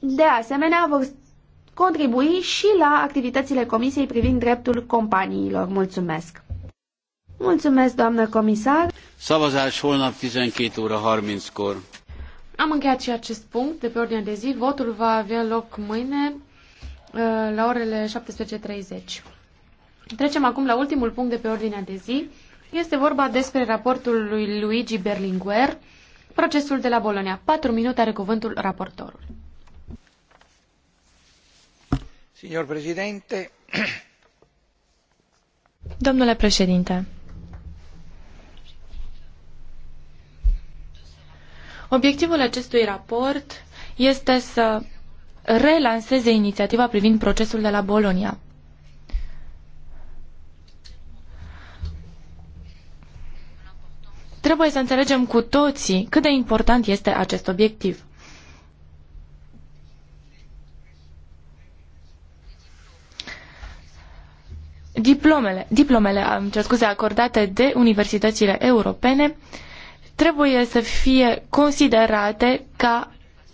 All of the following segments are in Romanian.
De asemenea, vor contribui și la activitățile Comisiei privind dreptul companiilor. Mulțumesc! Mulțumesc, doamnă comisar! Savazaj, holnap 12 óra 30 scor. Am încheiat și acest punct de pe ordinea de zi. Votul va avea loc mâine uh, la orele 17.30. Trecem acum la ultimul punct de pe ordinea de zi. Este vorba despre raportul lui Luigi Berlinguer, procesul de la Bolonia. Patru minute are cuvântul raportorul. Domnule președinte, obiectivul acestui raport este să relanseze inițiativa privind procesul de la Bologna. Trebuie să înțelegem cu toții cât de important este acest obiectiv. diplomele, diplomele am cer scuze, acordate de universitățile europene trebuie să fie considerate ca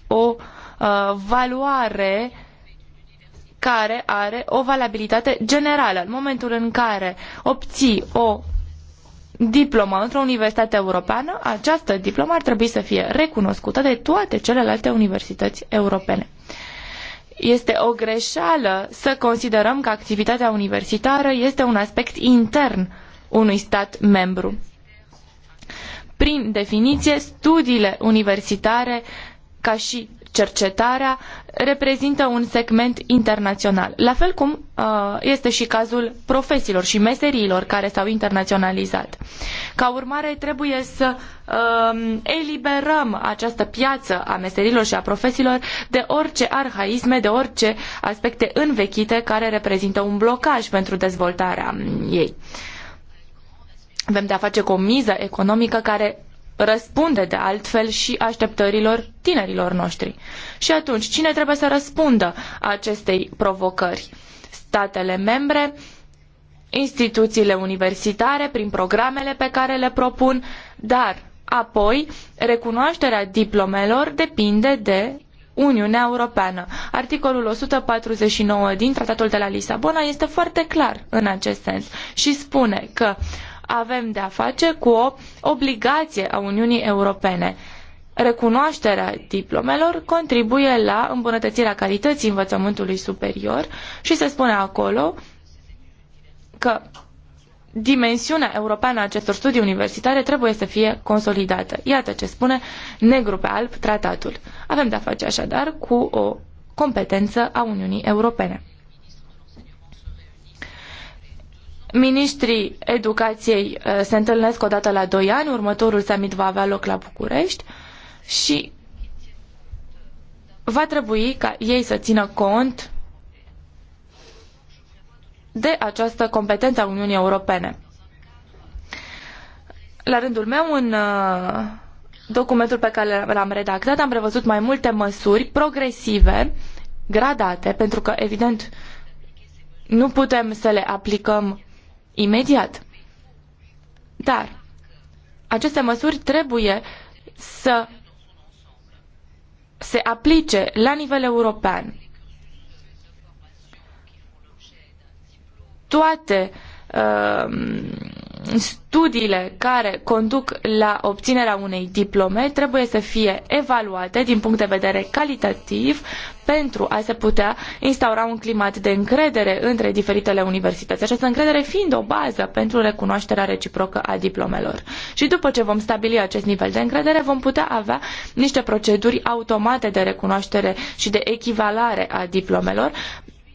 o uh, valoare care are o valabilitate generală. În momentul în care obții o diplomă într-o universitate europeană, această diplomă ar trebui să fie recunoscută de toate celelalte universități europene. Uh, este o greșeală să considerăm că activitatea universitară este un aspect intern unui stat membru. Prin definiție, studiile universitare ca și cercetarea reprezintă un segment internațional. La fel cum uh, este și cazul profesiilor și meseriilor care s-au internaționalizat. Ca urmare, trebuie să um, eliberăm această piață a meserilor și a profesiilor de orice arhaisme, de orice aspecte învechite care reprezintă un blocaj pentru dezvoltarea ei avem de a face cu o miză economică care răspunde de altfel și așteptărilor tinerilor noștri. Și atunci, cine trebuie să răspundă acestei provocări? Statele membre, instituțiile universitare, prin programele pe care le propun, dar apoi recunoașterea diplomelor depinde de Uniunea Europeană. Articolul 149 din Tratatul de la Lisabona este foarte clar în acest sens și spune că avem de a face cu o obligație a Uniunii Europene. Recunoașterea diplomelor contribuie la îmbunătățirea calității învățământului superior și se spune acolo că dimensiunea europeană a acestor studii universitare trebuie să fie consolidată. Iată ce spune negru pe alb tratatul. Avem de-a face așadar cu o competență a Uniunii Europene. Ministrii educației uh, se întâlnesc o dată la doi ani, următorul summit va avea loc la București și va trebui ca ei să țină cont de această competență a Uniunii Europene. La rândul meu, în uh, documentul pe care l-am redactat, am prevăzut mai multe măsuri progresive, gradate, pentru că, evident, nu putem să le aplicăm imediat. Dar aceste măsuri trebuie să se aplice la nivel european. Toate uh, studiile care conduc la obținerea unei diplome trebuie să fie evaluate din punct de vedere calitativ pentru a se putea instaura un climat de încredere între diferitele universități. Această încredere fiind o bază pentru recunoașterea reciprocă a diplomelor. Și după ce vom stabili acest nivel de încredere, vom putea avea niște proceduri automate de recunoaștere și de echivalare a diplomelor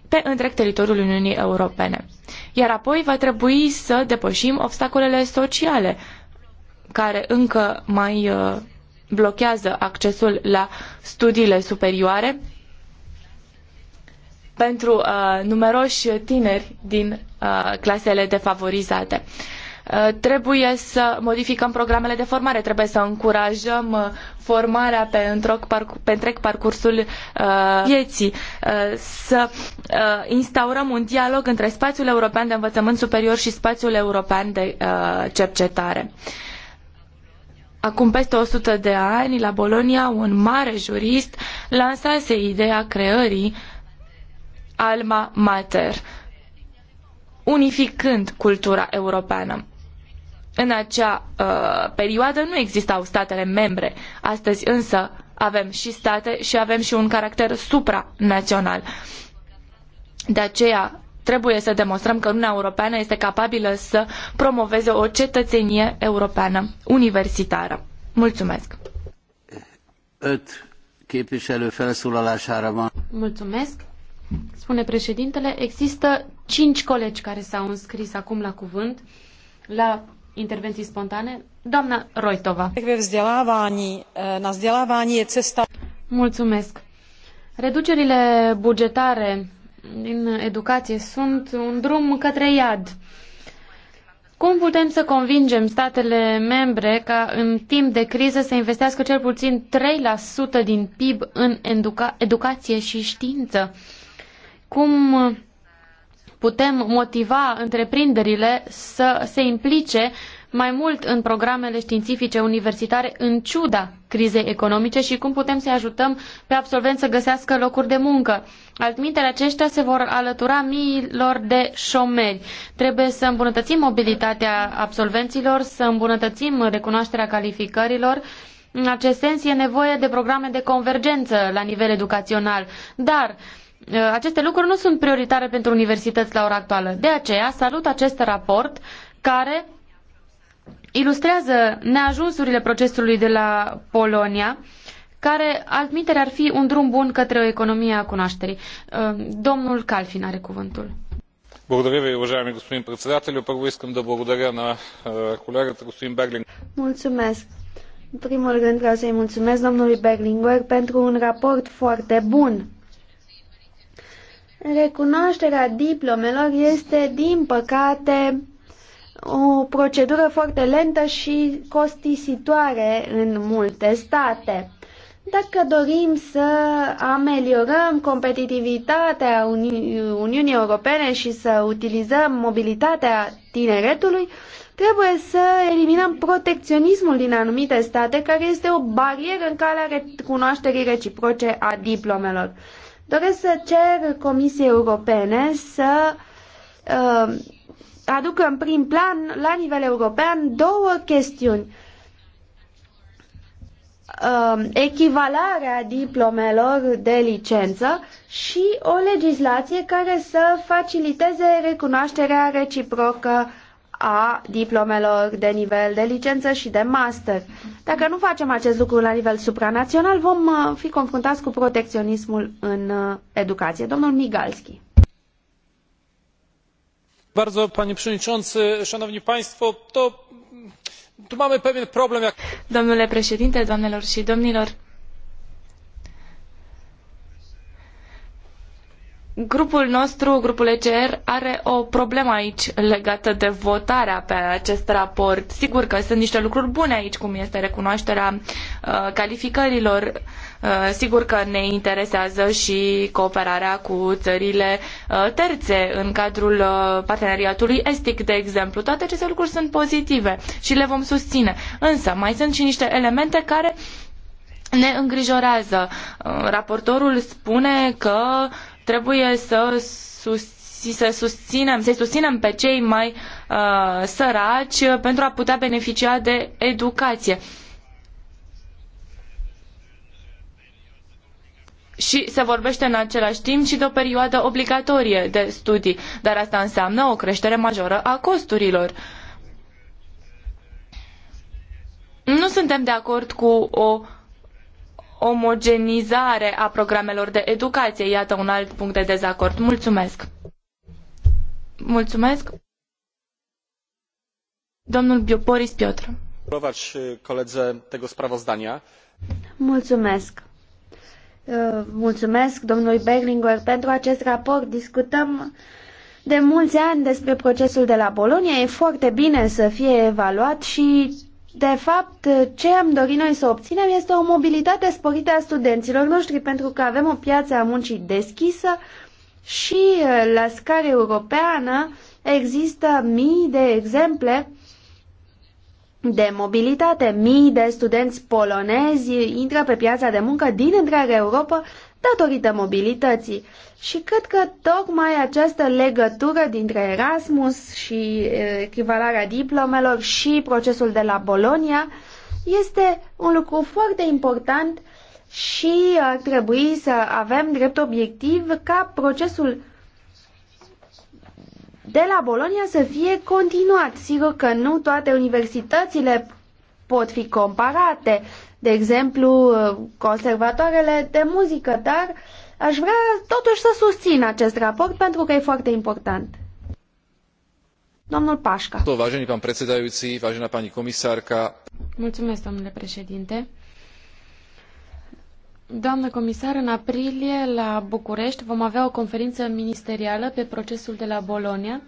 pe întreg teritoriul Uniunii Europene. Iar apoi va trebui să depășim obstacolele sociale care încă mai uh, blochează accesul la studiile superioare pentru uh, numeroși tineri din uh, clasele defavorizate. Uh, Uh, trebuie să modificăm programele de formare, trebuie să încurajăm uh, formarea pe, întreg, pe întreg parcursul uh, vieții, să instaurăm un dialog între spațiul european de învățământ superior și spațiul european de cercetare. Acum peste 100 de ani, la Bolonia, un mare jurist lansase ideea creării Alma Mater, unificând cultura europeană. În acea uh, perioadă nu existau statele membre. Astăzi însă avem și state și avem și un caracter supranațional. De aceea trebuie să demonstrăm că Uniunea Europeană este capabilă să promoveze o cetățenie europeană universitară. Mulțumesc! Mulțumesc! Spune președintele, există cinci colegi care s-au înscris acum la cuvânt. La intervenții spontane. Doamna Roitova. Na vzdelávání e cesta... Mulțumesc. Reducerile bugetare din educație sunt un drum către iad. Cum putem să convingem statele membre ca în timp de criză să investească cel puțin 3% din PIB în educa- educație și știință? Cum putem motiva întreprinderile să se implice mai mult în programele științifice universitare în ciuda crizei economice și cum putem să-i ajutăm pe absolvenți să găsească locuri de muncă. Altmintele aceștia se vor alătura miilor de șomeri. Trebuie să îmbunătățim mobilitatea absolvenților, să îmbunătățim recunoașterea calificărilor, în acest sens e nevoie de programe de convergență la nivel educațional, dar Uh, aceste lucruri nu sunt prioritare pentru universități la ora actuală. De aceea salut acest raport care ilustrează neajunsurile procesului de la Polonia, care admiterea ar fi un drum bun către o economie a cunoașterii. Uh, domnul Calfin are cuvântul. Благодаря ви, уважаеми господин председателю. Първо искам да благодаря на колегата господин Берлинг. Mulțumesc. În primul rând vreau să-i mulțumesc domnului Berlinguer pentru un raport foarte bun Recunoașterea diplomelor este, din păcate, o procedură foarte lentă și costisitoare în multe state. Dacă dorim să ameliorăm competitivitatea Uni Uniunii Europene și să utilizăm mobilitatea tineretului, trebuie să eliminăm protecționismul din anumite state, care este o barieră în calea recunoașterii reciproce a diplomelor. Doresc să cer Comisiei Europene să uh, aducă în prim plan, la nivel european, două chestiuni. Uh, echivalarea diplomelor de licență și o legislație care să faciliteze recunoașterea reciprocă a diplomelor de nivel de licență și de master. Dacă nu facem acest lucru la nivel supranațional, vom uh, fi confruntați cu protecționismul în uh, educație. Domnul Migalski. Bardzo, panie przewodniczący, szanowni państwo, to tu mamy pewien problem. Domnule președinte, doamnelor și domnilor, Grupul nostru, grupul ECR, are o problemă aici legată de votarea pe acest raport. Sigur că sunt niște lucruri bune aici, cum este recunoașterea uh, calificărilor. Uh, sigur că ne interesează și cooperarea cu țările uh, terțe în cadrul uh, parteneriatului estic, de exemplu. Toate aceste lucruri sunt pozitive și le vom susține. Însă mai sunt și niște elemente care ne îngrijorează. Raportorul spune că Trebuie să, se să susținem, să susținem pe cei mai uh, săraci pentru a putea beneficia de educație. și se vorbește în același timp și de o perioadă obligatorie de studii, dar asta înseamnă o creștere majoră a costurilor. Nu suntem de acord cu o omogenizare a programelor de educație. Iată un alt punct de dezacord. Mulțumesc! Mulțumesc! Domnul Bioporis Piotr. Koledze tego sprawozdania. Mulțumesc! Mulțumesc domnului Berlinguer pentru acest raport. Discutăm de mulți ani despre procesul de la Bologna. E foarte bine să fie evaluat și de fapt, ce am dorit noi să obținem este o mobilitate sporită a studenților noștri, pentru că avem o piață a muncii deschisă și la scară europeană există mii de exemple de mobilitate. Mii de studenți polonezi intră pe piața de muncă din întreaga Europa datorită mobilității. Și cred că tocmai această legătură dintre Erasmus și echivalarea diplomelor și procesul de la Bolonia este un lucru foarte important și ar trebui să avem drept obiectiv ca procesul de la Bologna să fie continuat. Sigur că nu toate universitățile pot fi comparate, de exemplu, conservatoarele de muzică, dar aș vrea totuși să susțin acest raport pentru că e foarte important. Domnul Pașca. Vážený pán predsedajúci, vážená pani komisárka. Mulțumesc, domnule președinte. Doamnă comisar, în aprilie la București vom avea o conferință ministerială pe procesul de la Bologna,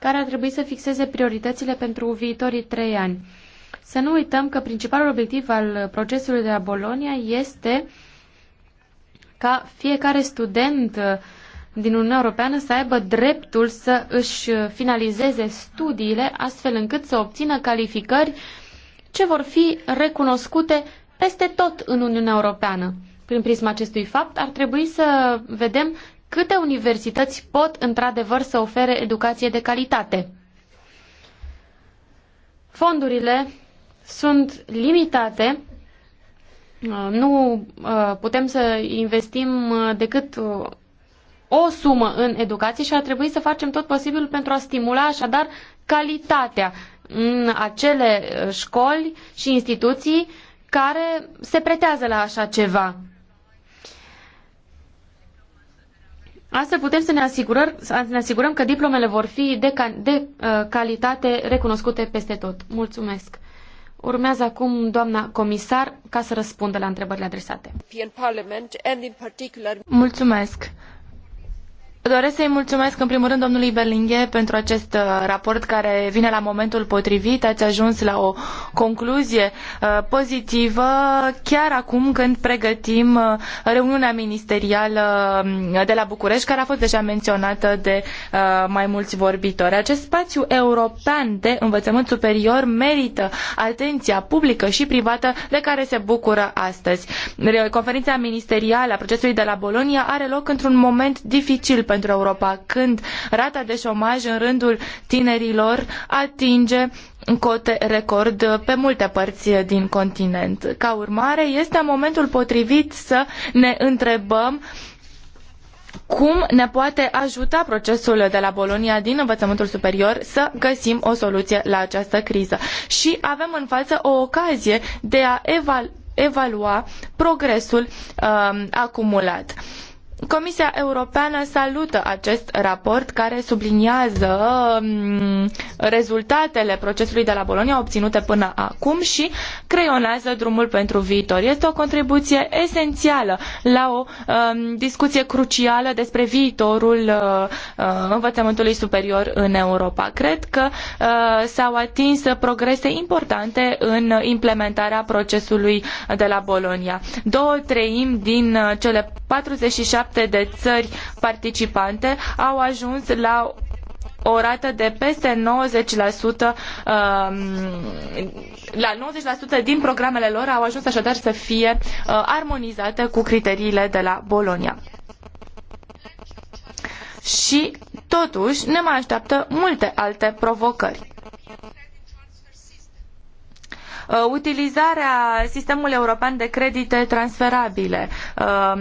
care ar trebui să fixeze prioritățile pentru viitorii trei ani. Să nu uităm că principalul obiectiv al procesului de la Bologna este ca fiecare student din Uniunea Europeană să aibă dreptul să își finalizeze studiile astfel încât să obțină calificări ce vor fi recunoscute peste tot în Uniunea Europeană. Prin prisma acestui fapt, ar trebui să vedem câte universități pot într-adevăr să ofere educație de calitate. Fondurile sunt limitate, uh, nu uh, putem să investim uh, decât o sumă în educație și ar trebui să facem tot posibilul pentru a stimula așadar calitatea în acele școli și instituții care se pretează la așa ceva. Astfel putem să ne, asigurăm, să ne asigurăm că diplomele vor fi de, de uh, calitate recunoscute peste tot. Mulțumesc. Urmează acum doamna comisar ca să răspundă la întrebările adresate. Mulțumesc. Doresc să-i mulțumesc în primul rând domnului Berlinghe pentru acest uh, raport care vine la momentul potrivit. Ați ajuns la o concluzie uh, pozitivă chiar acum când pregătim uh, reuniunea ministerială de la București, care a fost deja menționată de mai mulți vorbitori. Acest spațiu european de învățământ superior merită atenția publică și privată de care se bucură astăzi. Conferința ministerială a procesului de la Bologna are loc într-un moment dificil pentru pentru Europa, când rata de șomaj în rândul tinerilor atinge cote record pe multe părți din continent. Ca urmare, este momentul potrivit să ne întrebăm cum ne poate ajuta procesul de la Bolonia din învățământul superior să găsim o soluție la această criză. Și avem în față o ocazie de a evalua progresul um, acumulat. Comisia Europeană salută acest raport care subliniază mm, rezultatele procesului de la Bologna obținute până acum și creionează drumul pentru viitor. Este o contribuție esențială la o um, discuție crucială despre viitorul uh, învățământului superior în Europa. Cred că uh, s-au atins progrese importante în implementarea procesului de la Bologna. Două treimi din cele 47 27 de țări participante au ajuns la o rată de peste 90%, la 90% um, din programele lor au ajuns așadar să fie uh, armonizate cu criteriile de la Bologna. Și totuși ne mai așteaptă multe alte provocări. Uh, utilizarea sistemului european de credite transferabile, um,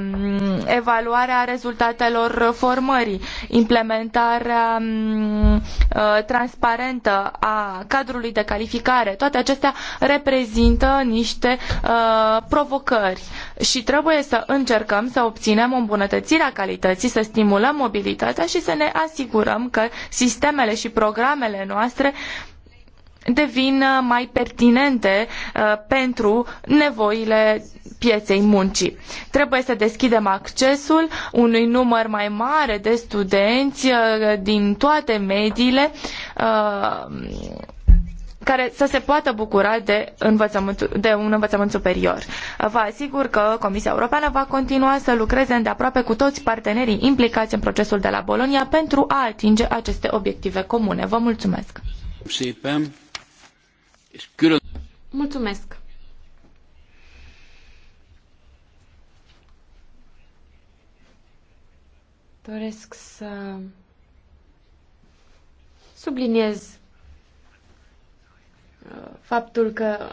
evaluarea rezultatelor formării, implementarea um, uh, transparentă a cadrului de calificare, toate acestea reprezintă niște uh, provocări și trebuie să încercăm să obținem o îmbunătățire a calității, să stimulăm mobilitatea și să ne asigurăm că sistemele și programele noastre devin uh, mai pertinente uh, pentru nevoile pieței muncii. Trebuie să deschidem accesul unui număr mai mare de studenți uh, din toate mediile care să se poată bucura de, învățământ, de un învățământ superior. Vă asigur că Comisia Europeană va continua să lucreze îndeaproape cu toți partenerii implicați în procesul de la Bologna pentru a atinge aceste obiective comune. Vă mulțumesc! Mulțumesc! Doresc să subliniez uh, faptul că